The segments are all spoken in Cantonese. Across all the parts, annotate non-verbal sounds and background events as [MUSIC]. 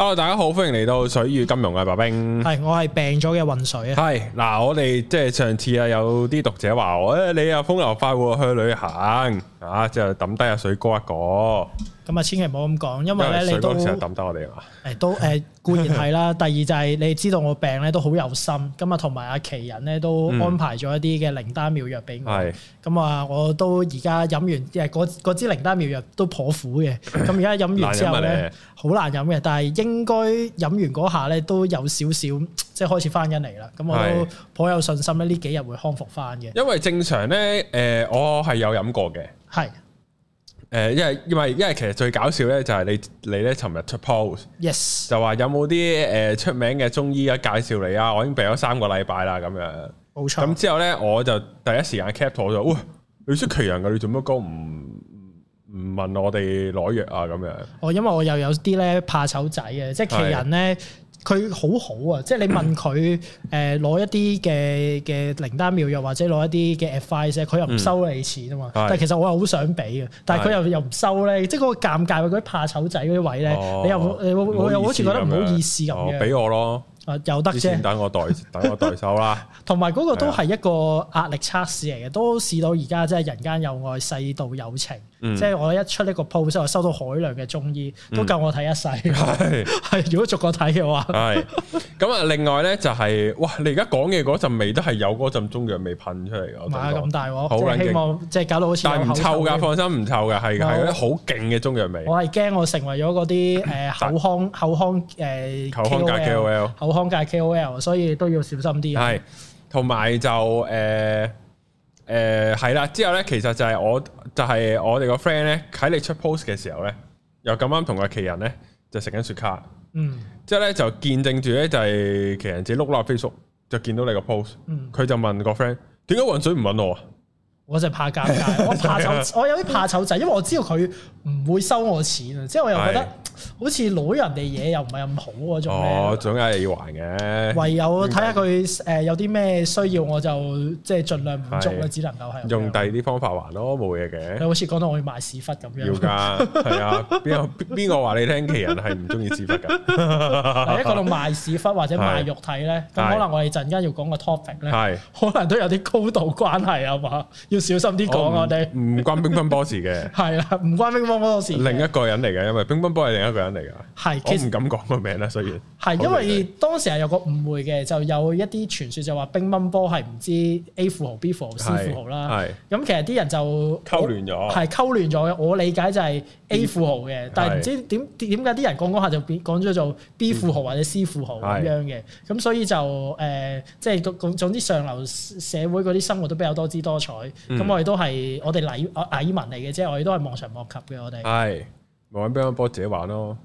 Hello 大家好，歡迎嚟到水與金融嘅白兵，係我係病咗嘅渾水啊！係嗱，我哋即係上次啊，有啲讀者話我誒，你又風流快活去旅行啊，即係抌低阿水哥一個。.咁啊，千祈唔好咁講，因為咧你都抌低我哋係嘛？誒，都、呃、誒固然係啦。 [LAUGHS] 第二就係你知道我病咧都好有心。咁啊，同埋阿奇人咧都安排咗一啲嘅靈丹妙藥俾我。咁啊、嗯，我都而家飲完，誒，嗰支靈丹妙藥都頗苦嘅。咁而家飲完之後咧，好難飲嘅。但係應該飲完嗰下咧都有少少，即係開始翻緊嚟。啦。咁我都頗有信心咧，呢幾日會康復翻嘅。因為正常咧，誒、呃，我係有飲過嘅。係。誒，因為因為因為其實最搞笑咧，呢 Yes. 就係你你咧，尋日出 post，就話有冇啲誒出名嘅中醫啊介紹你啊，我已經病咗三個禮拜啦咁樣。冇錯。咁之後咧，我就第一時間 kept 妥咗。哇！你出奇人嘅，你做乜公唔唔問我哋攞藥啊咁樣？我、哦、因為我又有啲咧怕醜仔嘅，即係奇人咧。佢好好啊，即係你問佢誒攞一啲嘅嘅靈丹妙藥或者攞一啲嘅 advice 佢又唔收你錢啊嘛。嗯、但係其實我又好想俾嘅，但係佢又又唔收咧，嗯、即係嗰個尷尬嗰啲怕醜仔嗰啲位咧，哦、你又誒又好似覺得唔好意思咁樣。俾、哦、我咯，啊、又得啫。等我代 [LAUGHS] 等我代手啦。同埋嗰個都係一個壓力測試嚟嘅，都試到而家真係人間有愛，世道有情。嗯、即係我一出呢個 post，我收到海量嘅中醫，都夠我睇一世。係係是，如果逐個睇嘅話。係。咁啊，另外咧就係、是，哇！你而家講嘅嗰陣味都係有嗰陣中藥味噴出嚟噶。買咁大個，好勁。即係搞到好似但係唔臭噶，放心唔臭噶，係係啲好勁嘅中藥味。我係驚我成為咗嗰啲誒口腔口腔誒口腔界 KOL、呃、口腔界 KOL，所以都要小心啲。係。同埋就誒。呃誒，係啦、呃，之後咧，其實就係我，就係、是、我哋個 friend 咧，喺你出 post 嘅時候咧，又咁啱同個奇人咧就食緊雪卡，嗯，之後咧就見證住咧就係奇人自己碌啦 Facebook，就見到你個 post，佢、嗯、就問個 friend，點解揾渾水唔揾我啊？我就怕尷尬，我怕醜，我有啲怕醜仔，因為我知道佢唔會收我錢啊，即係我又覺得好似攞人哋嘢又唔係咁好嗰種。哦，總係要還嘅。唯有睇下佢誒有啲咩需要，我就即係盡量滿足啦，只能夠係用第二啲方法還咯，冇嘢嘅。你好似講到我要賣屎忽咁樣。要㗎，係啊？邊邊個話你聽？其人係唔中意屎忽㗎？一講到賣屎忽或者賣肉體咧，咁可能我哋陣間要講個 topic 咧，可能都有啲高度關係啊嘛。小心啲講，我哋唔關乒乓波事嘅。係啦，唔關乒乓波事。另一個人嚟嘅，因為乒乓波係另一個人嚟㗎。係，我唔敢講個名啦，所以係因為當時係有個誤會嘅，就有一啲傳説就話乒乓波係唔知 A 富豪、B 富豪、C 富豪啦。係咁，其實啲人就溝亂咗，係溝亂咗嘅。我理解就係 A 富豪嘅，但係唔知點點解啲人講講下就變講咗做 B 富豪或者 C 富豪咁樣嘅。咁所以就誒，即係總總之，上流社會嗰啲生活都比較多姿多彩。咁、 [NOISE] 嗯、我哋都係我哋矮矮文嚟嘅啫，我哋都係望塵莫及嘅。我哋係玩乒乓波自己玩咯，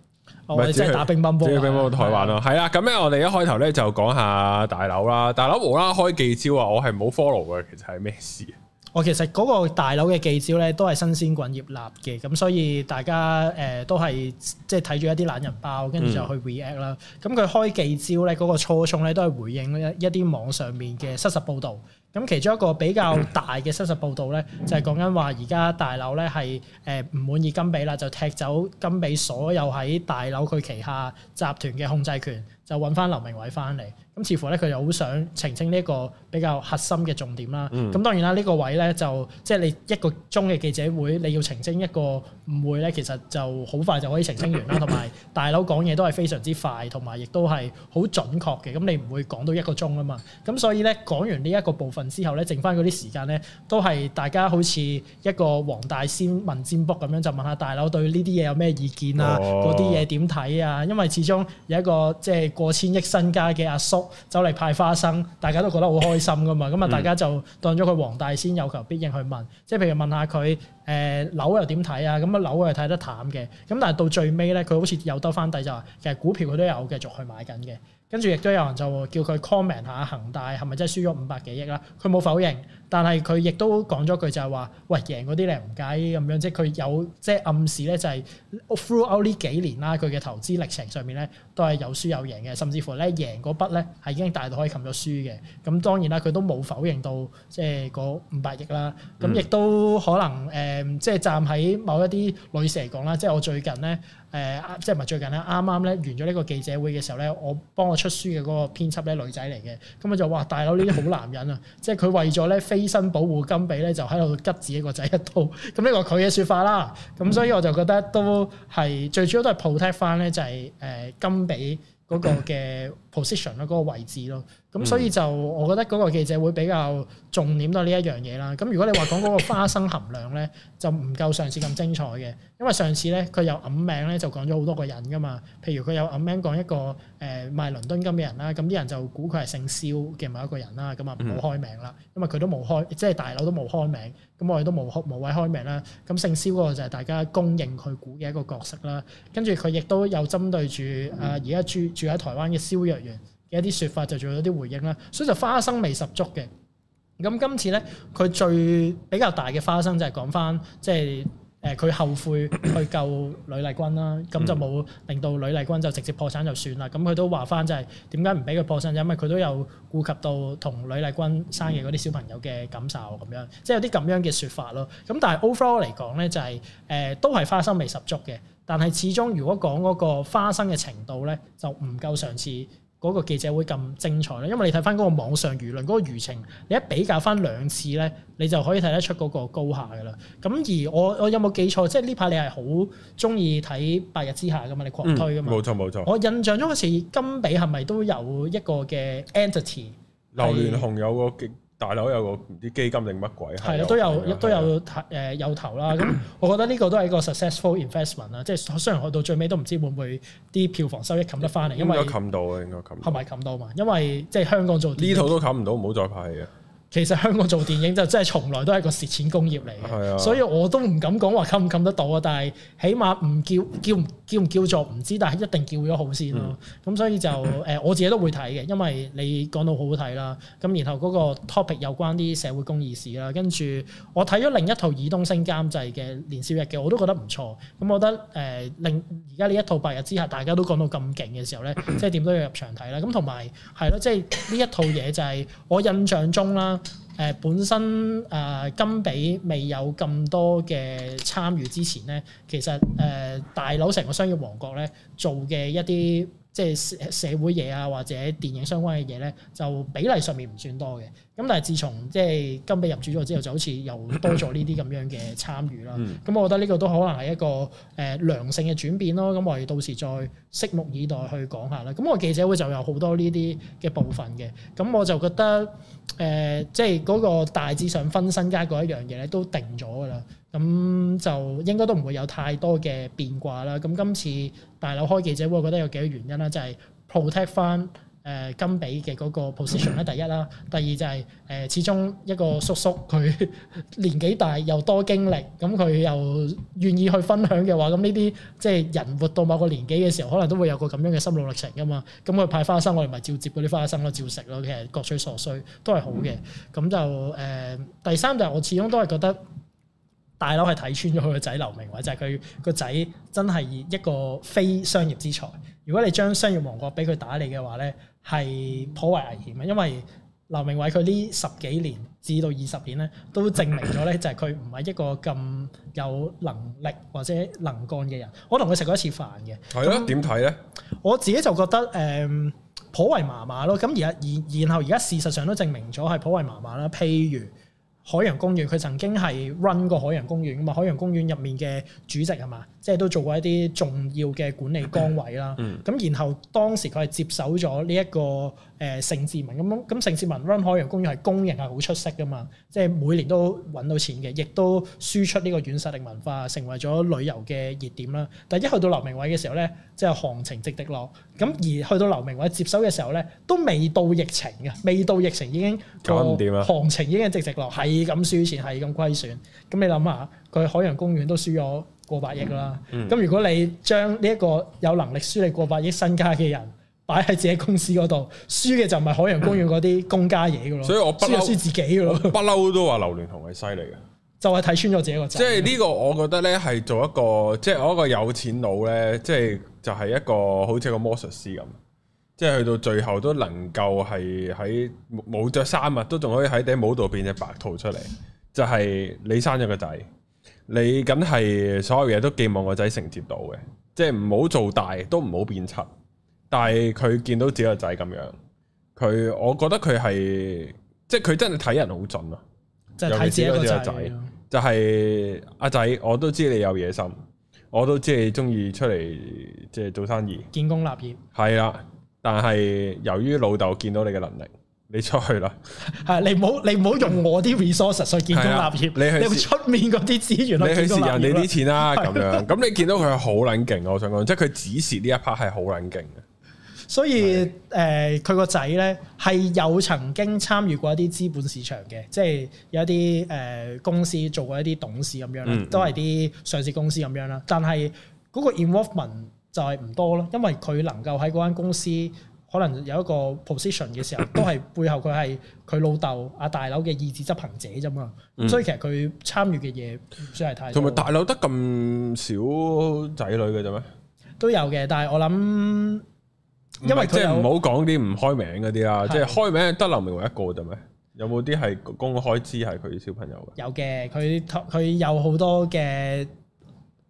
哦、我哋即係打乒乓波，即乒乓球台灣是的 咯。係啦，咁咧我哋一開頭咧就講下大劉啦，大劉無啦開記招啊，我係冇 follow 嘅。其實係咩事？我其實嗰個大劉嘅記招咧都係新鮮滾熱辣嘅，咁所以大家誒都係即係睇住一啲懶人包，跟住就去 react 啦、嗯。咁佢開記招咧，嗰個初衷咧都係回應一啲網上面嘅失實報道。咁其中一個比較大嘅新聞報道咧，就係講緊話而家大劉咧係誒唔滿意甘比啦，就踢走甘比所有喺大劉佢旗下集團嘅控制權。就揾翻劉鳴煒翻嚟，咁似乎咧佢又好想澄清呢個比較核心嘅重點啦。咁、嗯、當然啦，呢、呢個位咧就即係、就係、你一個鐘嘅記者會，你要澄清一個誤會咧，其實就好快就可以澄清完啦。同埋 [COUGHS] 大佬講嘢都係非常之快，同埋亦都係好準確嘅。咁你唔會講到一個鐘啊嘛。咁所以咧講完呢一個部分之後咧，剩翻嗰啲時間咧都係大家好似一個黃大仙問占卜咁樣，就問下大佬對呢啲嘢有咩意見啊？嗰啲嘢點睇啊？因為始終有一個即係，過千億身家嘅阿叔，叔走嚟派花生，大家都覺得好開心㗎嘛，咁啊、 [LAUGHS] 嗯、大家就當咗佢黃大仙有求必應去問，即係譬如問下佢誒、呃、樓又點睇啊，咁啊樓又睇得淡嘅，咁但係到最尾咧，佢好似又兜翻底就話其實股票佢都有繼續去買緊嘅，跟住亦都有人就叫佢 comment 下恒大係咪真係輸咗五百幾億啦，佢冇否認。但係佢亦都講咗句就係話：喂，贏嗰啲你唔介意咁樣，即係佢有即係暗示咧，就係 through out 呢幾年啦，佢嘅投資歷程上面咧，都係有輸有贏嘅，甚至乎咧贏嗰筆咧係已經大到可以冚咗輸嘅。咁當然啦，佢都冇否認到即係嗰五百億啦。咁亦都可能誒、呃，即係站喺某一啲女士嚟講啦，即係我最近咧誒、呃，即係唔係最近咧啱啱咧完咗呢個記者會嘅時候咧，我幫我出書嘅嗰個編輯咧女仔嚟嘅，咁佢就話：大佬呢啲好男人啊！即係佢為咗咧。醫生保護金俾咧，就喺度吉自己個仔一刀，咁呢個佢嘅説法啦。咁、嗯、所以我就覺得都係最主要都係 protect 翻咧，就係誒金比嗰個嘅 position 咯，嗰個位置咯。嗯咁、嗯、所以就我覺得嗰個記者會比較重點都係呢一樣嘢啦。咁如果你話講嗰個花生含量咧， [LAUGHS] 就唔夠上次咁精彩嘅，因為上次咧佢有暗名咧就講咗好多個人噶嘛。譬如佢有暗名講一個誒賣倫敦金嘅人啦，咁啲人就估佢係姓蕭嘅某一個人啦，咁啊唔好開名啦，嗯嗯因為佢都冇開，即、就、係、是、大佬都冇開名，咁我哋都冇開，冇位開名啦。咁姓蕭嗰個就係大家公認佢估嘅一個角色啦。跟住佢亦都有針對住誒而家住住喺台灣嘅蕭若元。嘅一啲説法就做咗啲回應啦，所以就花生味十足嘅。咁今次咧，佢最比較大嘅花生就係講翻，即係誒佢後悔去救呂麗君啦，咁就冇令到呂麗君就直接破產就算啦。咁佢都話翻就係點解唔俾佢破產，因為佢都有顧及到同呂麗君生嘅嗰啲小朋友嘅感受咁樣，即係有啲咁樣嘅説法咯。咁但係 overall 嚟講咧，就係誒都係花生味十足嘅，但係始終如果講嗰個花生嘅程度咧，就唔夠上次。嗰個記者會咁精彩咧，因為你睇翻嗰個網上輿論，嗰個輿情，你一比較翻兩次咧，你就可以睇得出嗰個高下噶啦。咁而我我有冇記錯？即係呢排你係好中意睇《白日之下》噶嘛？你狂推噶嘛？冇錯冇錯。錯，我印象中嗰時金比係咪都有一個嘅 entity？劉鑾雄有個極。大佬，有個啲基金定乜鬼？係啊，都有、啊、都有誒是、啊有，呃、有投啦。咁 [COUGHS] 我覺得呢個都係一個 successful investment 啦。即係雖然去到最尾都唔知會唔會啲票房收益冚得翻嚟。應該冚到啊。應該冚。係咪冚到嘛？因為即係香港做呢套都冚唔到，唔好再拍戲啊！其實香港做電影就真係從來都係個蝕錢工業嚟嘅， [NOISE] 所以我都唔敢講話禁唔禁得到啊！但係起碼唔叫叫叫唔叫做唔知，但係一定叫咗好先咯。咁 [NOISE] 所以就誒我自己都會睇嘅，因為你講到好好睇啦。咁然後嗰個 topic 有關啲社會公義事啦，跟住我睇咗另一套爾冬陞監製嘅《年少日記》，我都覺得唔錯。咁我覺得誒、呃，另而家呢一套《白日之下》，大家都講到咁勁嘅時候咧， [NOISE] 即係點都要入場睇啦。咁同埋係咯，即係呢一套嘢就係我印象中啦。誒、呃、本身誒甘、呃、比未有咁多嘅參與之前咧，其實誒、呃、大劉成個商業王國咧做嘅一啲。即係社社會嘢啊，或者電影相關嘅嘢咧，就比例上面唔算多嘅。咁但係自從即係金碧入主咗之後，就好似又多咗呢啲咁樣嘅參與啦。咁 [COUGHS] 我覺得呢個都可能係一個誒良性嘅轉變咯。咁我哋到時再拭目以待去講下啦。咁我記者會就有好多呢啲嘅部分嘅。咁我就覺得誒，即係嗰個大致上分身家嗰一樣嘢咧都定咗㗎啦。咁就應該都唔會有太多嘅變卦啦。咁今次大劉開記者會，我覺得有幾個原因啦，就係 protect 翻誒甘比嘅嗰個 position 啦。第一啦，第二就係、是、誒、呃，始終一個叔叔佢年紀大又多經歷，咁佢又願意去分享嘅話，咁呢啲即係人活到某個年紀嘅時候，可能都會有個咁樣嘅心路歷程噶嘛。咁佢派花生，我哋咪照接嗰啲花生咯，照食咯，其實各取所需都係好嘅。咁就誒、呃，第三就係我始終都係覺得。大佬係睇穿咗佢個仔劉鳴煒，就係佢個仔真係一個非商業之才。如果你將商業王國俾佢打理嘅話咧，係頗為危險啊！因為劉鳴煒佢呢十幾年至到二十年咧，都證明咗咧，就係佢唔係一個咁有能力或者能幹嘅人。可能佢食過一次飯嘅，係啊的？點睇咧？呢我自己就覺得誒、嗯，頗為麻麻咯。咁而而然後而家事實上都證明咗係頗為麻麻啦。譬如。海洋公園佢曾經係 run 過海洋公園啊嘛，海洋公園入面嘅主席係嘛，即係都做過一啲重要嘅管理崗位啦。咁、嗯嗯、然後當時佢係接手咗呢一個。誒盛智文咁樣，咁盛智文 run 海洋公園係公營係好出色噶嘛，即係每年都揾到錢嘅，亦都輸出呢個軟實力文化，成為咗旅遊嘅熱點啦。但係一去到劉鳴煒嘅時候咧，即係行情直直落。咁而去到劉鳴煒接手嘅時候咧，都未到疫情嘅，未到疫情已經個行情已經直直落，係咁輸錢，係咁虧損。咁你諗下，佢海洋公園都輸咗過百億啦。咁、嗯嗯、如果你將呢一個有能力輸你過百億身家嘅人，擺喺自己公司嗰度，輸嘅就唔係海洋公園嗰啲公家嘢噶咯，所以我輸就輸自己咯，不嬲都話劉銮雄係犀利嘅，就係睇穿咗自己個仔。即係呢個，我覺得咧係做一個，即係我一個有錢佬咧，即係就係一個好似個魔術師咁，即係去到最後都能夠係喺冇着衫啊，都仲可以喺頂帽度變隻白兔出嚟。就係你生咗個仔，你梗係所有嘢都寄望個仔承接到嘅，即係唔好做大，都唔好變七。但係佢見到自己個仔咁樣，佢我覺得佢係即係佢真係睇人好準咯。就係睇自己個仔，就係阿仔，我都知你有野心，我都知你中意出嚟即係做生意、建功立業。係啦，但係由於老豆見到你嘅能力，你出去啦。係、 [LAUGHS] 啊、你唔好你唔好用我啲 resource 去建功立業。你去出面嗰啲資源，你去蝕人哋啲錢啦、啊。咁 [LAUGHS] 樣咁你見到佢好冷勁，我想講，即係佢指示呢一 part 係好冷勁嘅。所以誒，佢個仔咧係有曾經參與過一啲資本市場嘅，即係有一啲誒、呃、公司做過一啲董事咁樣咧，都係啲上市公司咁樣啦。但係嗰個 involvement 就係唔多咯，因為佢能夠喺嗰間公司可能有一個 position 嘅時候，都係背後佢係佢老豆阿大佬嘅意志執行者啫嘛。所以其實佢參與嘅嘢唔算係太多。同埋大佬得咁少仔女嘅啫咩？都有嘅，但係我諗。因為即係唔好講啲唔開名嗰啲啦，即係開名得劉鳴煒一個啫咩？有冇啲係公開知係佢啲小朋友嘅？有嘅，佢佢有好多嘅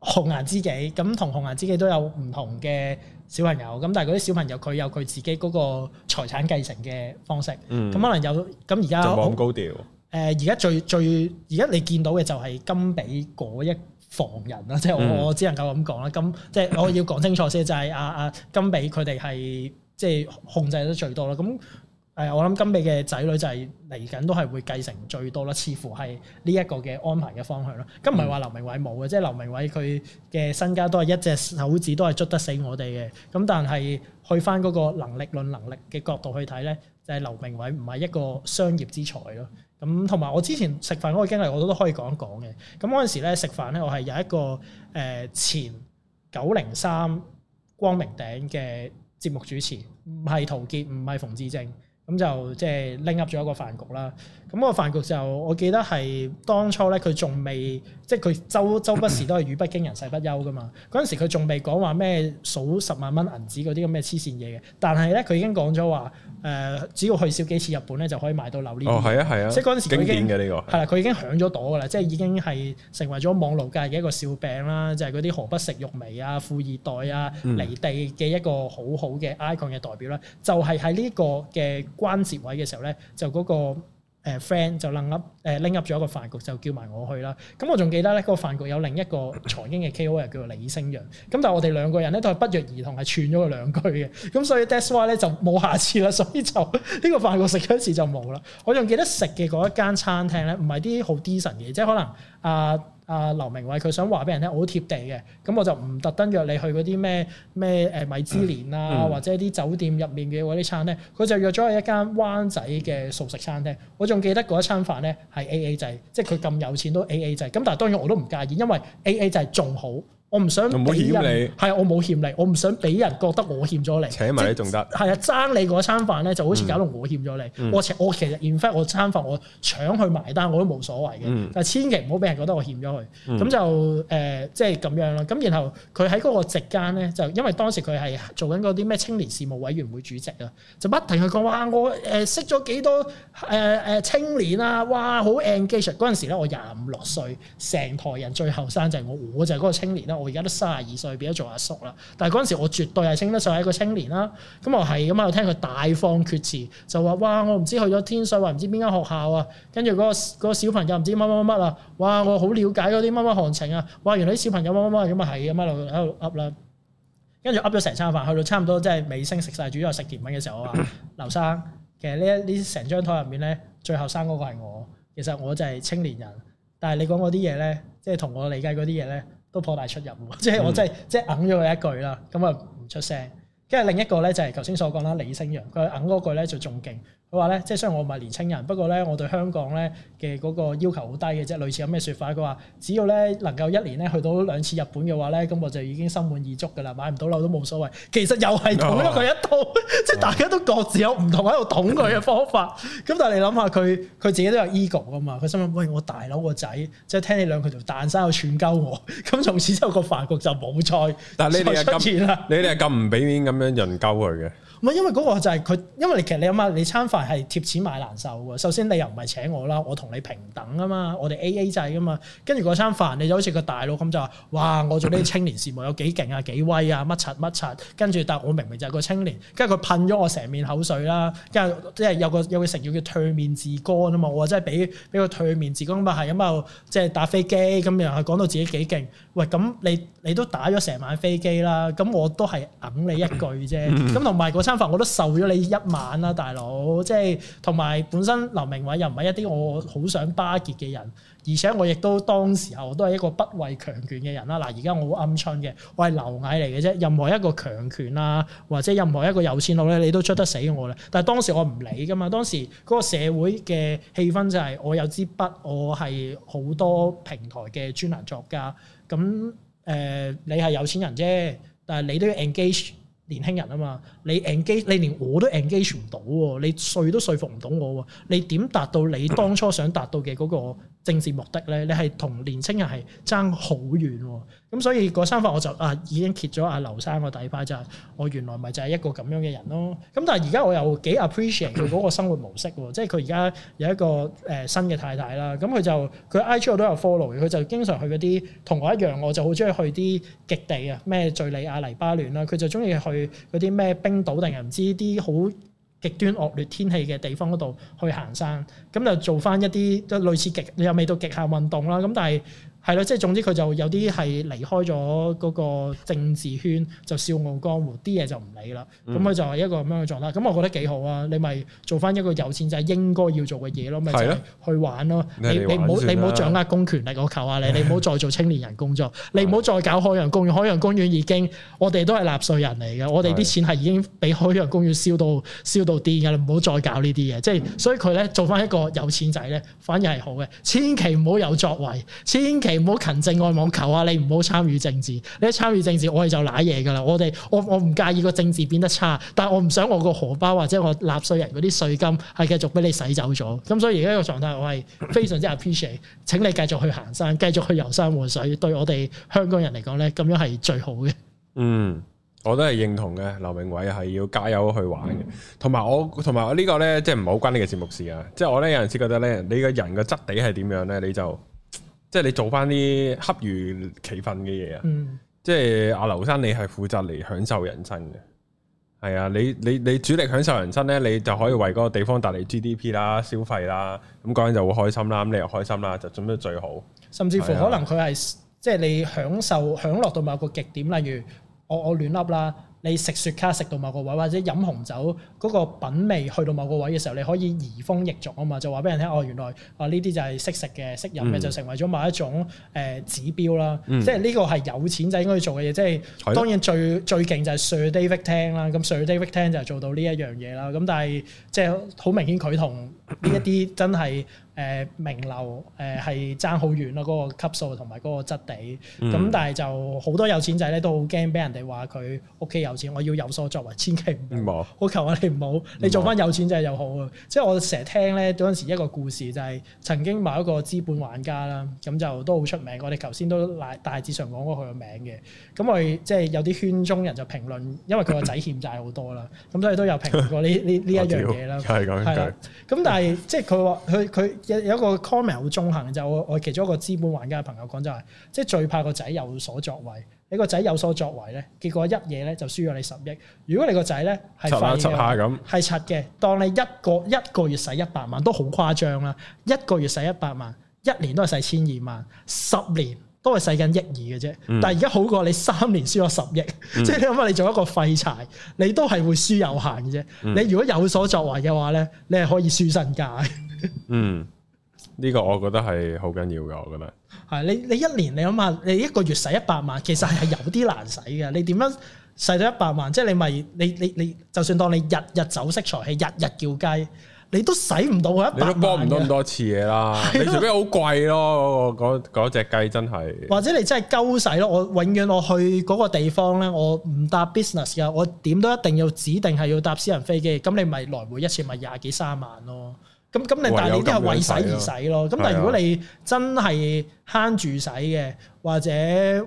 紅顏知己，咁同紅顏知己都有唔同嘅小朋友，咁但係嗰啲小朋友佢有佢自己嗰個財產繼承嘅方式，咁可能有咁而家就冇咁高調。誒，而家最最而家你見到嘅就係金比嗰一。防人啦，即係我，我只能夠咁講啦。咁即係我要講清楚先，就係、是、啊啊，甘、啊、比佢哋係即係控制得最多啦。咁。係，我諗甘比嘅仔女就係嚟緊都係會繼承最多啦，似乎係呢一個嘅安排嘅方向咯。咁唔係話劉鳴煒冇嘅，即係、嗯、劉鳴煒佢嘅身家都係一隻手指都係捉得死我哋嘅。咁但係去返嗰個能力論能力嘅角度去睇咧，就係、是、劉鳴煒唔係一個商業之才咯。咁同埋我之前食飯嗰個經歷，我都都可以講一講嘅。咁嗰陣時咧食飯咧，我係有一個誒前九零三光明頂嘅節目主持，唔係陶傑，唔係馮志豐。咁就即係拎 up 咗一個飯局啦。咁、嗰個飯局就我記得係當初咧，佢仲未即係佢周周不時都係語不驚人、誓不休噶嘛。嗰陣時佢仲未講話咩數十萬蚊銀紙嗰啲咁嘅黐線嘢嘅，但係咧佢已經講咗話誒，只要去少幾次日本咧就可以買到樓呢哦，係啊，係啊，即係嗰陣時佢已經係啦，佢、呢個啊、已經響咗朵噶啦，即係已經係成為咗網絡界嘅一個笑柄啦，就係嗰啲何不食肉糜啊、富二代啊、離地嘅一個好好嘅 icon 嘅代表啦，嗯、就係喺呢個嘅。關節位嘅時候咧，就嗰個 friend 就拎入誒拎入咗一個飯局，就叫埋我去啦。咁我仲記得咧，嗰個飯局有另一個財經嘅 KOL 叫做李星陽。咁但係我哋兩個人咧都係不約而同係串咗佢兩句嘅。咁所以 that's why 咧就冇下次啦。所以就呢 [LAUGHS] 個飯局食一次就冇啦。我仲記得食嘅嗰一間餐廳咧，唔係啲好 decent 嘅，即係可能啊。呃啊，劉嗚煒佢想話俾人聽，我好貼地嘅，咁我就唔特登約你去嗰啲咩咩誒米芝蓮啊，或者啲酒店入面嘅嗰啲餐廳，佢就約咗我一間灣仔嘅素食餐廳。我仲記得嗰一餐飯咧係 A A 制，即係佢咁有錢都 A A 制。咁但係當然我都唔介意，因為 A A 制仲好。我唔想唔好欠你，係我冇欠你，我唔想俾人覺得我欠咗你。請埋你仲得？係啊，爭你嗰餐飯咧，就好似搞到我欠咗你。我、嗯、我其實 in fact 我餐飯，我搶去埋單我都冇所謂嘅。嗯、但千祈唔好俾人覺得我欠咗佢。咁、嗯、就誒，即係咁樣咯。咁然後佢喺嗰個席間咧，就因為當時佢係做緊嗰啲咩青年事務委員會主席啊，就不停去講哇，我誒識咗幾多誒誒、呃、青年啊，哇，好 engaging 嗰陣時咧，我廿五六歲，成台人最後生就係我，我就係嗰個青年啦。我而家都卅二歲，變咗做阿叔啦。但係嗰陣時，我絕對係稱得上係一個青年啦。咁我係咁啊，聽佢大放厥詞，就話：哇，我唔知去咗天水，話唔知邊間學校啊。跟住嗰個小朋友唔知乜乜乜啊。哇，我好了解嗰啲乜乜行情啊。哇，原來啲小朋友乜乜乜咁啊，係咁啊，喺度 up 啦。跟住 up 咗成餐飯，去到差唔多即係尾聲，食晒，主菜食甜品嘅時候，我話：劉生，其實呢一呢成張台入面咧，最後生嗰個係我。其實我就係青年人，但係你講嗰啲嘢咧，即係同我理解嗰啲嘢咧。都頗大出入喎，即、就、係、是、我真係、嗯、即係噏咗佢一句啦，咁啊，唔出聲。跟住另一個咧就係頭先所講啦，李星陽佢噏嗰句咧就仲勁。佢話咧，即係雖然我唔係年青人，不過咧，我對香港咧嘅嗰個要求好低嘅啫。類似有咩説法，佢話只要咧能夠一年咧去到兩次日本嘅話咧，咁我就已經心滿意足噶啦，買唔到樓都冇所謂。其實又係捅咗佢一刀，即係、哦、大家都各自有唔同喺度捅佢嘅方法。咁、哦、但係你諗下，佢佢自己都有 ego 噶嘛？佢心諗，喂，我大佬個仔即係、就是、聽你兩句就蛋散，又串鳩我。咁從此之後，個飯局就冇菜。但係你哋係咁，你哋係咁唔俾面咁樣人鳩佢嘅。唔係，因為嗰個就係佢，因為其實你諗下，你餐飯係貼錢買難受嘅。首先你又唔係請我啦，我同你平等啊嘛，我哋 A A 制啊嘛。跟住嗰餐飯你就好似個大佬咁就話，哇！我做呢啲青年事務有幾勁啊，幾威啊，乜柒乜柒。跟住但我明明就係個青年，跟住佢噴咗我成面口水啦。跟住即係有個有個成語叫退面自乾啊嘛，我話真係俾俾個退面自乾咁啊係咁啊，即係、就是、打飛機咁又係講到自己幾勁，喂，咁你你都打咗成晚飛機啦，咁我都係揞你一句啫。咁同埋嗰。 [COUGHS] 生房我都受咗你一晚啦，大佬。即係同埋本身，劉嗚煒又唔係一啲我好想巴結嘅人，而且我亦都當時候我都係一個不畏強權嘅人啦。嗱，而家我好鵪鶉嘅，我係流偽嚟嘅啫。任何一個強權啊，或者任何一個有錢佬咧，你都出得死我咧。但係當時我唔理噶嘛。當時嗰個社會嘅氣氛就係、是、我有支筆，我係好多平台嘅專欄作家。咁誒、呃，你係有錢人啫，但係你都要 engage 年輕人啊嘛。你 engage 你連我你睡都 engage 唔到你說都說服唔到我，你點達到你當初想達到嘅嗰個政治目的咧？你係同年青人係爭好遠，咁所以嗰三法我就啊已經揭咗阿劉生個底牌，就係、是、我原來咪就係一個咁樣嘅人咯。咁但係而家我又幾 appreciate 佢嗰個生活模式即係佢而家有一個誒、呃、新嘅太太啦。咁佢就佢 I G 我都有 follow，佢就經常去嗰啲同我一樣，我就好中意去啲極地啊，咩敘利亞黎巴嫩啦，佢就中意去嗰啲咩冰。冰島定係唔知啲好極端惡劣天氣嘅地方嗰度去行山，咁就做翻一啲即係類似極你又未到極限運動啦。咁但係。係咯，即係總之佢就有啲係離開咗嗰個政治圈，就笑傲江湖啲嘢就唔理啦。咁佢就係一個咁樣嘅狀態。咁我覺得幾好啊！你咪做翻一個有錢仔應該要做嘅嘢咯，咪、嗯、就去玩咯。你唔好你唔好掌握公權力，我求下你，你唔好再做青年人工作， [LAUGHS] 你唔好再搞海洋公園。海洋公園已經我哋都係納稅人嚟嘅，我哋啲錢係已經俾海洋公園燒到燒到癲㗎啦！唔好再搞呢啲嘢。即係所以佢咧做翻一個有錢仔咧，反而係好嘅。千祈唔好有作為，千祈。千唔好勤政愛網球啊！你唔好參與政治。你一參與政治，我哋就揦嘢㗎喇。我哋我我唔介意個政治變得差，但係我唔想我個荷包或者我納稅人嗰啲稅金係繼續俾你洗走咗。咁所以而家個狀態，我係非常之 appreciate， [COUGHS] 請你繼續去行山，繼續去遊山玩水。對我哋香港人嚟講咧，咁樣係最好嘅。嗯，我都係認同嘅。劉嗚煒係要加油去玩嘅。同埋、嗯、我，同埋、就是就是、我呢個咧，即係唔好關你嘅節目事啊。即係我咧，有陣時覺得咧，你個人個質地係點樣咧，你就。即係你做翻啲恰如其分嘅嘢啊！嗯、即係阿劉生，你係負責嚟享受人生嘅，係啊！你你你主力享受人生咧，你就可以為嗰個地方帶嚟 GDP 啦、消費啦，咁嗰樣就會開心啦，咁你又開心啦，就做得最好。甚至乎可能佢係即係你享受享樂到某個極點，例如我我亂笠啦。你食雪茄食到某個位，或者飲紅酒嗰個品味去到某個位嘅時候，你可以移風易俗啊嘛，就話俾人聽哦，原來啊呢啲就係識食嘅、識飲嘅，就成為咗某一種誒指標啦、嗯。即係呢個係有錢仔應該要做嘅嘢。即係對當然最最勁就係 Sir David Tang 啦，咁 Sir David Tang 就係做到呢一樣嘢啦。咁但係即係好明顯佢同。呢一啲真係誒名流誒係爭好遠啦，嗰、嗰個級數同埋嗰個質地。咁、嗯、但係就好多有錢仔咧都好驚俾人哋話佢屋企有錢，我要有所作為，千祈唔好。嗯、沒我求我你唔好，嗯、沒你做返有錢仔又好、嗯、沒即係我成日聽咧嗰陣時一個故事、就係，就係曾經某一個資本玩家啦，咁就都好出名。我哋頭先都大致上講過佢個名嘅。咁我哋即係有啲圈中人就評論，因為佢個仔欠債好多啦，咁所以都有評論過呢呢呢一樣嘢啦。係咁對但係，即係佢話佢佢有有一個 comment 好中肯就我、是、我其中一個資本玩家嘅朋友講就係、是，即係最怕個仔有所作為，你個仔有所作為咧，結果一嘢咧就輸咗你十億。如果你個仔咧係，拆下拆咁，係拆嘅。當你一個一個月使一百萬都好誇張啦，一個月使一,一,一百萬，一年都係使千二萬，十年。都係使緊億二嘅啫，但係而家好過你三年輸咗十億，嗯、即係你諗下，你做一個廢柴，你都係會輸有限嘅啫。嗯、你如果有所作為嘅話咧，你係可以輸身家。 [LAUGHS] 嗯，呢、呢個我覺得係好緊要噶，我覺得係你你一年你諗下，你一個月使一百萬，其實係有啲難使嘅。你點樣使到一百萬？即、就、係、是、你咪你你你，就算當你日日走色財氣，日日叫雞。你都使唔到佢一百，你都幫唔到咁多次嘢啦。的你除非好貴咯，嗰嗰隻雞真係。或者你真係鳩使咯，我永遠我去嗰個地方咧，我唔搭 business 噶，我點都一定要指定係要搭私人飛機。咁你咪來回一次咪廿、就是、幾三萬咯。咁咁你但係你都係為使而使咯。咁、啊、但係如果你真係。慳住使嘅，或者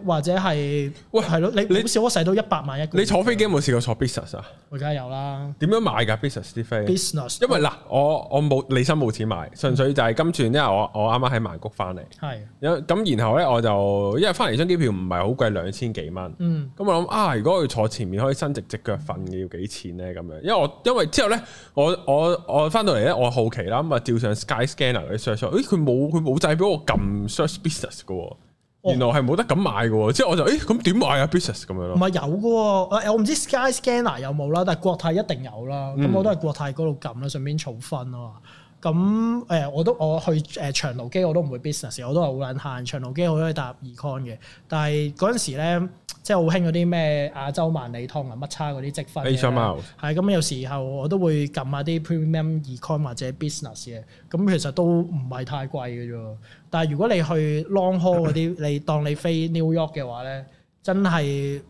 或者係，喂，係咯，你你少咗使到一百萬一個。你坐飛機有冇試過坐 business 啊？我梗有啦。點樣買㗎 business 啲飛？business。因為嗱、嗯啊，我我冇理心冇錢買，純粹就係今次因為我我啱啱喺曼谷翻嚟，係是。有咁然後咧，我就因為翻嚟張機票唔係好貴，兩千幾蚊。嗯。咁我諗啊，如果我要坐前面可以伸直隻腳瞓，要幾錢咧？咁樣，因為我因為之後咧，我我我翻到嚟咧，我好奇啦，咁啊照上 sky scanner 嗰啲 search，誒佢冇佢冇制俾我撳 search。欸嘅原來係冇得咁買嘅喎，哦、即係我就誒咁點買啊 business 咁樣咯，唔係有嘅喎，我唔知 Sky Scanner 有冇啦，但係國泰一定有啦，咁、嗯、我都係國泰嗰度撳啦，順便儲分啊嘛。咁誒，我都我去誒、呃、長途機我都唔會 business，我都係好撚慳。長途機，我都係搭 econ 嘅。但係嗰陣時咧，即係好興嗰啲咩亞洲萬里通啊乜叉嗰啲積分。係咁，有時候我都會撳下啲 premium econ 或者 business 嘅。咁其實都唔係太貴嘅啫。但係如果你去 long haul 嗰啲， [LAUGHS] 你當你飛 New York 嘅話咧，真係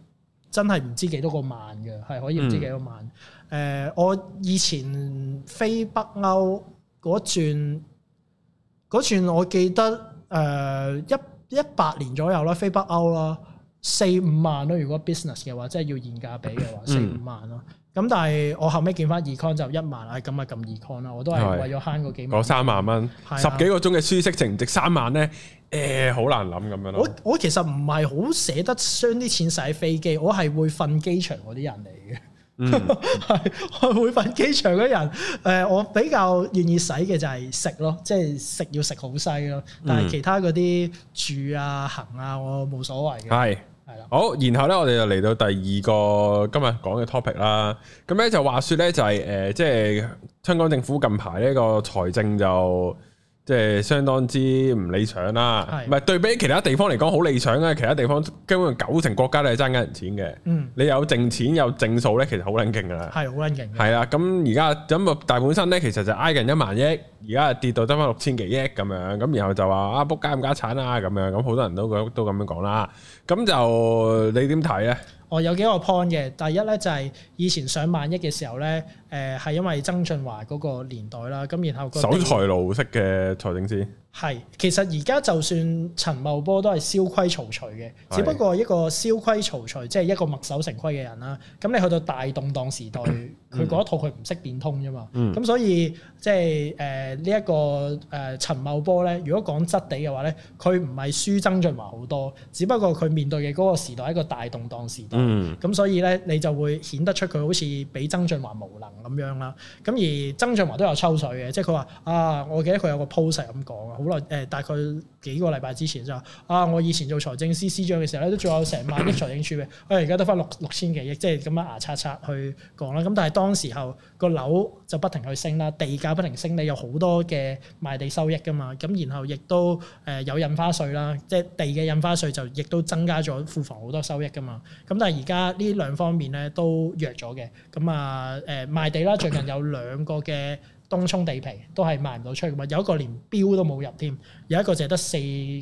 真係唔知幾多個萬嘅，係可以唔知幾多個萬。誒、嗯呃，我以前飛北歐。嗰轉嗰轉，我記得誒、呃、一一八年左右啦，飛北歐啦，四五萬啦。如果 business 嘅話，即係要現價比嘅話，四五 [COUGHS] 萬啦。咁但係我後尾見翻 econ 就一萬，哎、e，咁咪撳 econ 啦。我都係為咗慳嗰幾萬，嗰三萬蚊，的十幾個鐘嘅舒適值唔值三萬咧？誒、呃，好難諗咁樣咯。我我其實唔係好捨得將啲錢使喺飛機，我係會瞓機場嗰啲人嚟嘅。係、嗯、 [LAUGHS] 我會瞓機場嘅人，誒、呃，我比較願意使嘅就係食咯，即係食要食好細咯，但係其他嗰啲住啊行啊，我冇所謂嘅。係係啦，的好，然後咧我哋就嚟到第二個今日講嘅 topic 啦。咁咧就話說咧就係、是、誒，即係香港政府近排呢個財政就。即係相當之唔理想啦，唔係的對比其他地方嚟講好理想啊！其他地方基本上九成國家都係爭緊人錢嘅，嗯，你有淨錢有淨數呢，其實好撚勁㗎啦，係好撚勁。係啦，咁而家咁啊大本身呢，其實就挨近一萬億，而家跌到得翻六千幾億咁樣，咁然後就話啊 book 加唔加產啊咁樣，咁好多人都都咁樣講啦，咁就你點睇啊？我、哦、有幾個 point 嘅，第一咧就係、是、以前上萬億嘅時候咧，誒、呃、係因為曾俊華嗰個年代啦，咁然後個守財奴式嘅財政司，係其實而家就算陳茂波都係蕭規曹隨嘅，只不過一個蕭規曹隨，即、就、係、是、一個墨守成規嘅人啦。咁你去到大動盪時代。 [COUGHS] 佢嗰一套佢唔識變通啫嘛，咁、嗯、所以即係誒呢一個誒、呃、陳茂波咧，如果講質地嘅話咧，佢唔係輸曾俊華好多，只不過佢面對嘅嗰個時代係一個大動盪時代，咁、嗯、所以咧你就會顯得出佢好似比曾俊華無能咁樣啦。咁而曾俊華都有抽水嘅，即係佢話啊，我記得佢有個 post 係咁講啊，好耐誒，大概幾個禮拜之前就話啊，我以前做財政司司長嘅時候咧，都仲有成萬億財政儲備，我而家得翻六六千幾億，即係咁樣牙刷刷去講啦。咁但係。當時候個樓就不停去升啦，地價不停升，你有好多嘅賣地收益噶嘛，咁然後亦都誒有印花稅啦，即係地嘅印花稅就亦都增加咗庫房好多收益噶嘛，咁但係而家呢兩方面咧都弱咗嘅，咁啊誒賣地啦，最近有兩個嘅東涌地皮都係賣唔到出去嘛，有一個連標都冇入添，有一個就係得四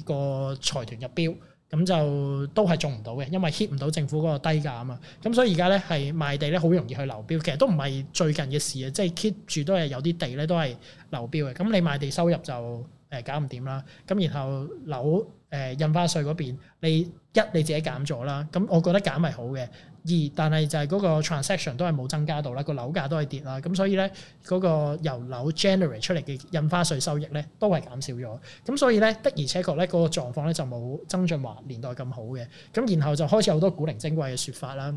個財團入標。咁就都係中唔到嘅，因為 keep 唔到政府嗰個低價啊嘛，咁所以而家咧係賣地咧好容易去流標，其實都唔係最近嘅事啊，即係 keep 住都係有啲地咧都係流標嘅，咁你賣地收入就誒、呃、搞唔掂啦，咁然後樓誒、呃、印花稅嗰邊，你一你自己減咗啦，咁我覺得減係好嘅。二，但係就係嗰個 transaction 都係冇增加到啦，個樓價都係跌啦，咁所以咧嗰個由樓 generate 出嚟嘅印花稅收益咧都係減少咗，咁所以咧的而且確咧嗰個狀況咧就冇曾俊華年代咁好嘅，咁然後就開始好多古靈精怪嘅説法啦。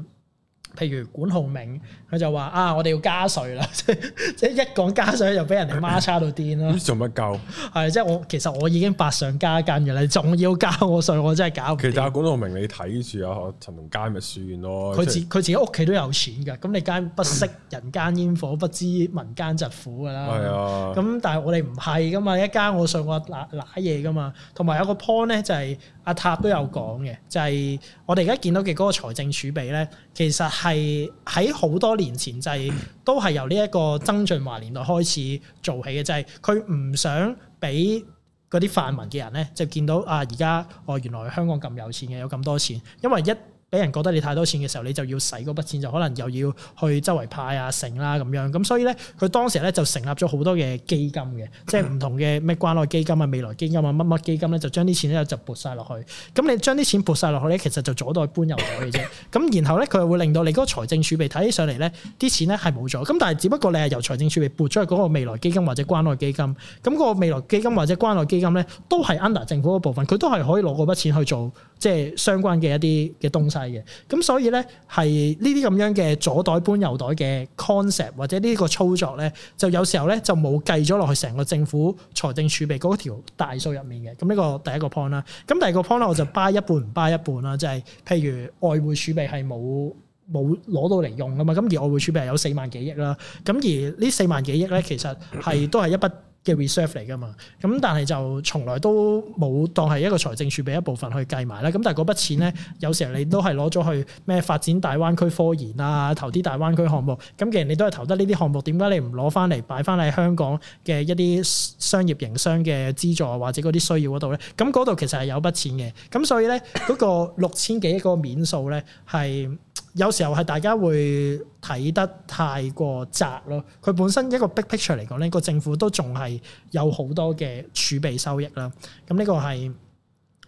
譬如管浩鳴，佢就話啊，我哋要加稅啦、 [LAUGHS] 嗯！即即一講加稅就俾人哋孖叉到癲咯。做乜交？係即係我其實我已經百上加斤嘅啦，仲要交我稅，我真係搞唔掂。其實阿管浩鳴你睇住啊，陳同佳咪算咯。佢自佢自己屋企都有錢噶，咁你間不識人間煙火，不知民間疾苦噶啦。係啊、嗯。咁但係我哋唔係噶嘛，一加我稅我拉拉嘢噶嘛。同埋有個 point 咧就係、是。阿塔都有講嘅，就係我哋而家見到嘅嗰個財政儲備咧，其實係喺好多年前就係都係由呢一個曾俊華年代開始做起嘅，就係佢唔想俾嗰啲泛民嘅人咧，就見到啊而家哦原來香港咁有錢嘅，有咁多錢，因為一。俾人覺得你太多錢嘅時候，你就要使嗰筆錢，就可能又要去周圍派啊剩啦咁樣。咁所以咧，佢當時咧就成立咗好多嘅基金嘅，即係唔同嘅咩關愛基金啊、未來基金啊、乜乜基金咧，就將啲錢咧就撥晒落去。咁你將啲錢撥晒落去咧，其實就左袋搬右袋嘅啫。咁 [COUGHS] 然後咧，佢會令到你嗰個財政儲備睇起上嚟咧，啲錢咧係冇咗。咁但係只不過你係由財政儲備撥咗去嗰個未來基金或者關愛基金。咁個未來基金或者關愛基金咧，都係 under 政府嗰部分，佢都係可以攞嗰筆錢去做即係相關嘅一啲嘅東西。係嘅，咁所以咧，係呢啲咁樣嘅左袋搬右袋嘅 concept 或者呢個操作咧，就有時候咧就冇計咗落去成個政府財政儲備嗰條大數入面嘅，咁呢個第一個 point 啦。咁第二個 point 咧，我就掰一半唔掰一半啦，即係譬如外匯儲備係冇冇攞到嚟用啊嘛，咁而外匯儲備係有四萬幾億啦，咁而呢四萬幾億咧，其實係都係一筆嘅 reserve 嚟噶嘛，咁但係就從來都冇當係一個財政儲備一部分去計埋啦，咁但係嗰筆錢咧，有時候你都係攞咗去咩發展大灣區科研啊，投啲大灣區項目，咁既然你都係投得呢啲項目，點解你唔攞翻嚟擺翻喺香港嘅一啲商業營商嘅資助或者嗰啲需要嗰度咧？咁嗰度其實係有筆錢嘅，咁所以咧嗰、那個六千幾億個面數咧係。有時候係大家會睇得太過窄咯，佢本身一個 big picture 嚟講咧，個政府都仲係有好多嘅儲備收益啦，咁呢個係。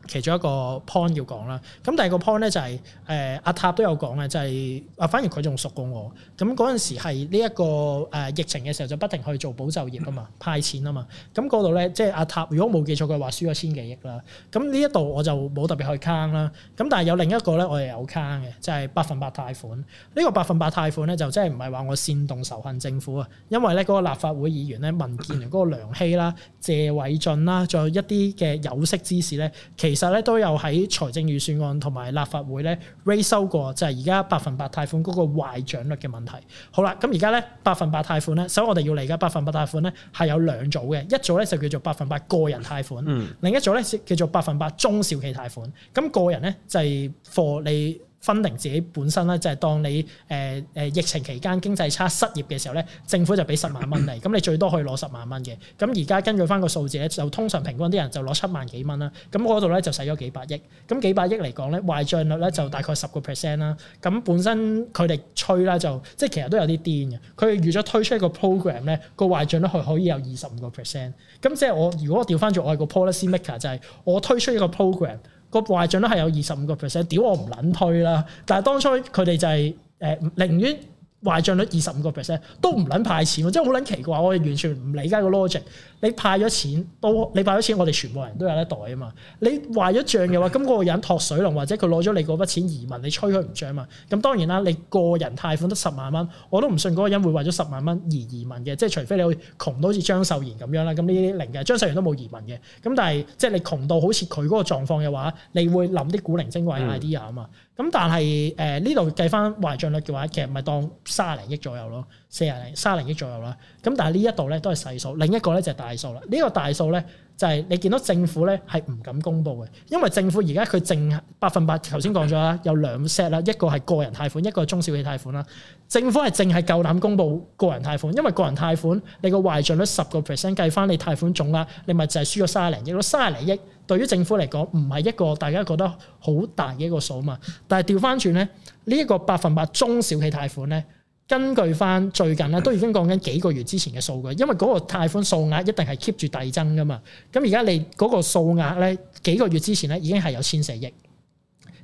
其中一個 point 要講啦，咁第二個 point 咧就係誒阿塔都有講嘅，就係、是、啊，反而佢仲熟過我。咁嗰陣時係呢一個誒、啊、疫情嘅時候，就不停去做保就業噶嘛，派錢那那、就是、啊嘛。咁嗰度咧，即係阿塔，如果冇記錯，佢話輸咗千幾億啦。咁呢一度我就冇特別去坑啦。咁但係有另一個咧，我哋有坑嘅，就係、是、百分百貸款。呢、這個百分百貸款咧，就真係唔係話我煽動仇恨政府啊，因為咧嗰個立法會議員咧，民建聯嗰個梁希啦、謝偉俊啦，仲有一啲嘅有識之士咧，其實咧都有喺財政預算案同埋立法會咧 raise 過就，就係而家百分百貸款嗰個壞賬率嘅問題。好啦，咁而家咧百分百貸款咧，首先我哋要嚟嘅百分百貸款咧係有兩組嘅，一組咧就叫做百分百個人貸款，另一組咧叫做百分百中小企貸款。咁、個人咧就係貨利。分零自己本身咧，就係、是、當你誒誒、呃、疫情期間經濟差失業嘅時候咧，政府就俾十萬蚊你，咁你最多可以攞十萬蚊嘅。咁而家根據翻個數字咧，就通常平均啲人就攞七萬幾蚊啦。咁嗰度咧就使咗幾百億。咁幾百億嚟講咧，壞賬率咧就大概十個 percent 啦。咁本身佢哋吹啦，就即係其實都有啲癲嘅。佢預咗推出一個 program 咧，個壞賬率可可以有二十五個 percent。咁即係我如果調翻做我，我個 policy maker，就係、是、我推出一個 program。個壞帳率係有二十五個 percent，屌我唔撚推啦！但係當初佢哋就係、是、誒、呃，寧願壞帳率二十五個 percent 都唔撚派錢，真係好撚奇怪，我完全唔理解個 logic。你派咗錢都，你派咗錢，我哋全部人都有得袋啊嘛！你壞咗賬嘅話，咁、那、嗰個人托水龍，或者佢攞咗你嗰筆錢移民，你吹佢唔脹啊嘛！咁當然啦，你個人貸款得十萬蚊，我都唔信嗰個人會為咗十萬蚊而移民嘅，即係除非你窮到好似張秀賢咁樣啦，咁呢啲零嘅，張秀賢都冇移民嘅。咁但係即係你窮到好似佢嗰個狀況嘅話，你會諗啲古靈精怪嘅 idea 啊嘛！咁、嗯、但係誒呢度計翻壞賬率嘅話，其實咪當三十零億左右咯。四十零三十零億左右啦，咁但係呢一度咧都係細數，另一個咧就係大數啦。呢個大數咧就係你見到政府咧係唔敢公布嘅，因為政府而家佢淨係百分百，頭先講咗啦，有兩 set 啦，一個係個人貸款，一個係中小企貸款啦。政府係淨係夠膽公布個人貸款，因為個人貸款你個壞賬率十個 percent 計翻你貸款總額啦，你咪就係輸咗三十零億咯，三十零億對於政府嚟講唔係一個大家覺得好大嘅一個數嘛。但係調翻轉咧，呢一個百分百中小企貸款咧。根據翻最近咧，都已經講緊幾個月之前嘅數據嘅，因為嗰個貸款數額一定係 keep 住遞增㗎嘛。咁而家你嗰個數額咧，幾個月之前咧已經係有千四億、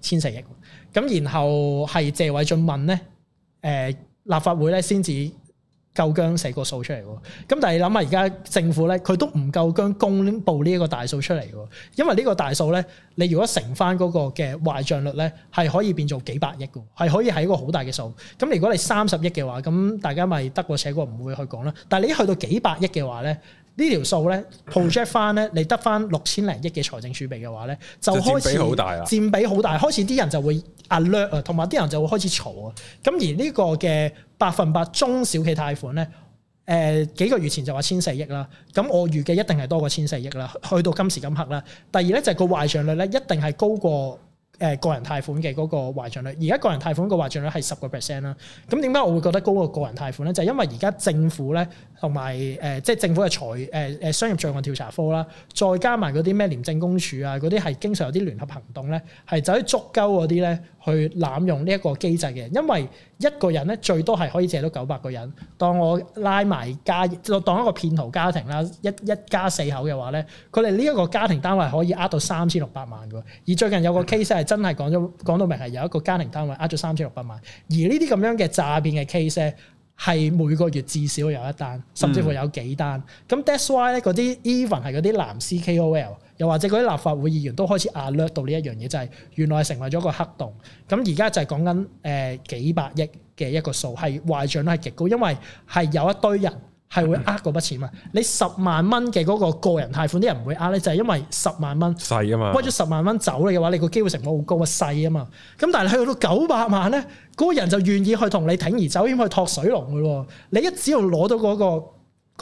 千四億。咁然後係謝偉俊問咧，誒、呃、立法會咧先至，夠薑寫個數出嚟喎，咁但係你諗下而家政府咧，佢都唔夠薑公布呢一個大數出嚟喎，因為呢個大數咧，你如果乘翻嗰個嘅壞賬率咧，係可以變做幾百億嘅，係可以係一個好大嘅數。咁如果你三十億嘅話，咁大家咪得過且過，唔會去講啦。但係你一去到幾百億嘅話咧，呢條數呢 project 翻呢，嗯、你得翻六千零億嘅財政儲備嘅話呢，就開始就佔比好大，佔比好大，開始啲人就會 alert 啊，同埋啲人就會開始嘈啊。咁而呢個嘅百分百中小企貸款呢，誒、呃、幾個月前就話千四億啦，咁我預計一定係多過千四億啦，去到今時今刻啦。第二呢，就係個壞賬率呢，一定係高過。誒、呃、個人貸款嘅嗰個壞帳率，而家個人貸款個壞帳率係十個 percent 啦。咁點解我會覺得高過個人貸款咧？就係、是、因為而家政府咧，同埋誒即係政府嘅財誒誒、呃、商業帳戶調查科商業罪案調查科啦，再加埋嗰啲咩廉政公署啊，嗰啲係經常有啲聯合行動咧，係走喺捉鳩嗰啲咧。去濫用呢一個機制嘅，因為一個人咧，最多係可以借到九百個人。當我拉埋家，就當一個騙徒家庭啦，一一家四口嘅話咧，佢哋呢一個家庭單位可以呃到三千六百萬嘅。而最近有個 case 係真係講咗講到明係有一個家庭單位呃咗三千六百萬。而呢啲咁樣嘅詐騙嘅 case 咧係每個月至少有一單，甚至乎有幾單。咁 That's why 咧，嗰啲 even 係嗰啲藍絲 KOL。又或者嗰啲立法會議員都開始壓略到呢一樣嘢，就係、是、原來成為咗個黑洞。咁而家就係講緊誒幾百億嘅一個數，係壞帳都係極高，因為係有一堆人係會呃嗰筆錢。你十萬蚊嘅嗰個個人貸款，啲人唔會呃咧，就係、是、因為十萬蚊細啊嘛，屈咗十萬蚊走你嘅話，你個機會成本好高啊細啊嘛。咁但係去到九百萬咧，嗰、那個人就願意去同你鋌而走險去托水龍嘅咯。你一只要攞到嗰、那個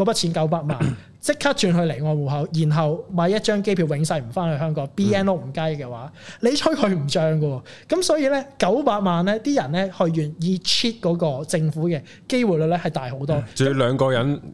嗰筆錢九百萬。 [COUGHS] 即刻轉去離岸戶口，然後買一張機票永世唔翻去香港。BNO 唔計嘅話，你吹佢唔漲嘅喎。咁所以咧，九百萬咧，啲人咧去願意 cheat 嗰個政府嘅機會率咧係大好多。仲要兩個人、嗯、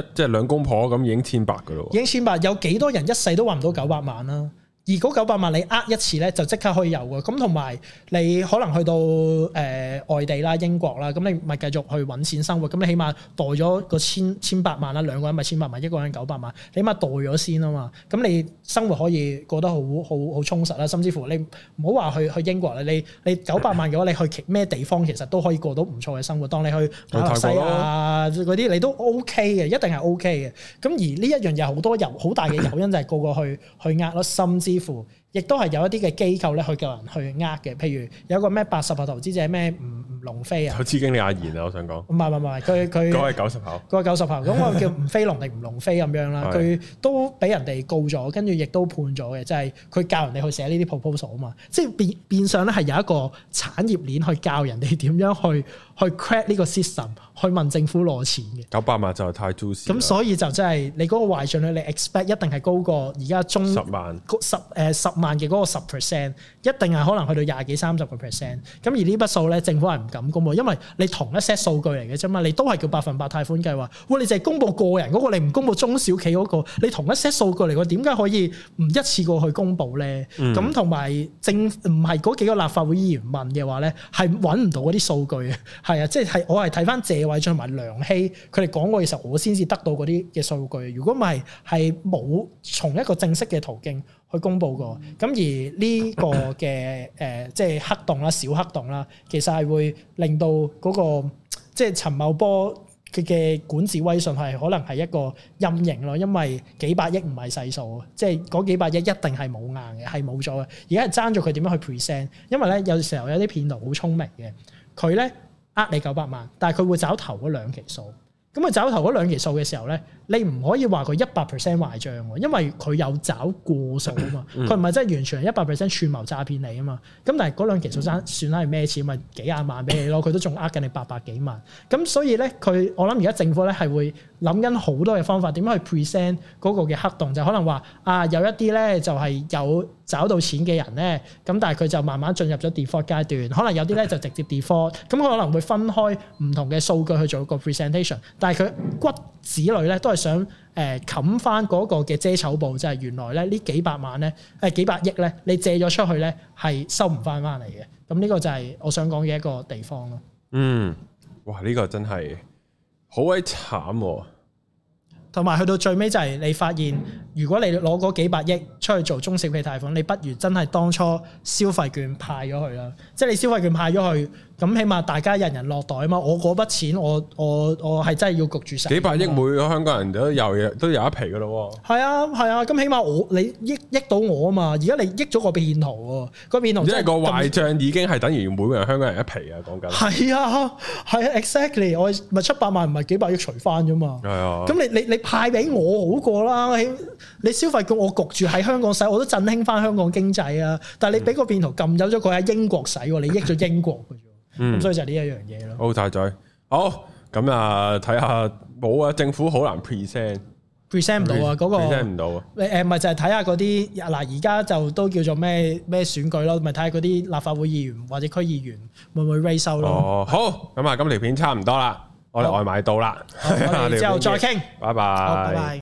一即係兩公婆咁已經千百嘅咯，已經千百。有幾多人一世都揾唔到九百萬啦？嗯嗯如果九百萬你呃一次咧，就即刻可以有嘅。咁同埋你可能去到誒、呃、外地啦、英國啦，咁你咪繼續去揾錢生活。咁你起碼袋咗個千八萬啦，兩個人咪千八萬，一個人九百萬，你起碼袋咗先啊嘛。咁你生活可以過得好好好充實啦，甚至乎你唔好話去去英國啦，你你九百萬嘅話，你去咩地方其實都可以過到唔錯嘅生活。當你去馬來西亞嗰啲，你都 OK 嘅，一定係 OK 嘅。咁而呢一樣嘢好多由好大嘅原因就係個個去 [LAUGHS] 去壓咯，甚至乎。亦都係有一啲嘅機構咧，去叫人去呃嘅。譬如有一個咩八十後投資者，咩吳吳龍飛啊？投資經理阿賢啊，我想講。唔係唔係唔係，佢佢。嗰九十後。嗰個九十後咁，我 [LAUGHS] 叫吳飛龍定吳龍飛咁樣啦。佢 [LAUGHS] 都俾人哋告咗，跟住亦都判咗嘅。就係、是、佢教人哋去寫呢啲 proposal 啊嘛。即係變變相咧，係有一個產業鏈去教人哋點樣去去 create 呢個 system。去問政府攞錢嘅九百萬就係太粗獷。咁所以就真係你嗰個壞賬率，你 expect 一定係高過而家中十萬十誒十萬嘅嗰個十 percent，一定係可能去到廿幾三十個 percent。咁而呢筆數咧，政府係唔敢公佈，因為你同一 set 數據嚟嘅啫嘛，你都係叫百分百貸款計劃。喂！你淨係公佈個人嗰個，你唔公佈中小企嗰個，你同一 set 數據嚟，我點解可以唔一次過去公佈咧？咁同埋政唔係嗰幾個立法會議員問嘅話咧，係揾唔到嗰啲數據。係啊，即係我係睇翻借。偉俊同梁希，佢哋講過嘅時候，我先至得到嗰啲嘅數據。如果唔係，係冇從一個正式嘅途徑去公布過。咁而呢個嘅誒，即係黑洞啦，小黑洞啦，其實係會令到嗰個即係陳茂波佢嘅管治威信係可能係一個陰影咯。因為幾百億唔係細數，即係嗰幾百億一定係冇硬嘅，係冇咗嘅。而家係爭咗佢點樣去 present，因為咧有時候有啲騙徒好聰明嘅，佢咧。呃，你九百萬，但係佢會找頭嗰兩期數，咁佢找頭嗰兩期數嘅時候咧。你唔可以話佢一百 percent 壞帳喎，因為佢有找過數啊嘛，佢唔係真係完全係一百 percent 串謀詐騙你啊嘛。咁 [COUGHS] 但係嗰兩期數生算係咩錢？咪幾廿萬俾你咯，佢都仲呃緊你八百幾萬。咁所以咧，佢我諗而家政府咧係會諗緊好多嘅方法，點樣去 present 嗰個嘅黑洞？就係、可能話啊，有一啲咧就係有找到錢嘅人咧，咁但係佢就慢慢進入咗 default 階段，可能有啲咧就直接 default。咁我可能會分開唔同嘅數據去做個 presentation，但係佢骨子裏咧都係。想誒冚翻嗰個嘅遮醜布，就係、是、原來咧呢幾百萬咧誒、呃、幾百億咧，你借咗出去咧係收唔翻翻嚟嘅。咁呢個就係我想講嘅一個地方咯。嗯，哇！呢、這個真係好鬼慘、啊，同埋去到最尾就係你發現、嗯。如果你攞嗰幾百億出去做中小企貸款，你不如真係當初消費券派咗佢啦。即係你消費券派咗去，咁起碼大家人人落袋啊嘛。我嗰筆錢我，我我我係真係要焗住曬。幾百億每個香港人都有，都有一皮嘅咯喎。係啊，係啊，咁起碼我你益益到我啊嘛。而家你益咗個騙徒，個騙徒即係個壞賬已經係等於每個人香港人一皮啊。講緊係啊，係 exactly，我咪七百萬唔係幾百億除翻啫嘛。係啊，咁你你你，你派俾我好過啦。你消費局我焗住喺香港使，我都振興翻香港經濟啊！但係你俾個變圖禁咗，佢喺英國使，你益咗英國嘅啫。咁所以就呢一樣嘢咯。好大嘴，好咁啊！睇下冇啊，政府好難 present，present 唔到啊，嗰個 present 唔到。誒誒，咪就係睇下嗰啲嗱，而家就都叫做咩咩選舉咯，咪睇下嗰啲立法會議員或者區議員會唔會 raise 收咯。哦，好，咁啊，條片差唔多啦，我哋外賣到啦，之後再傾，拜拜。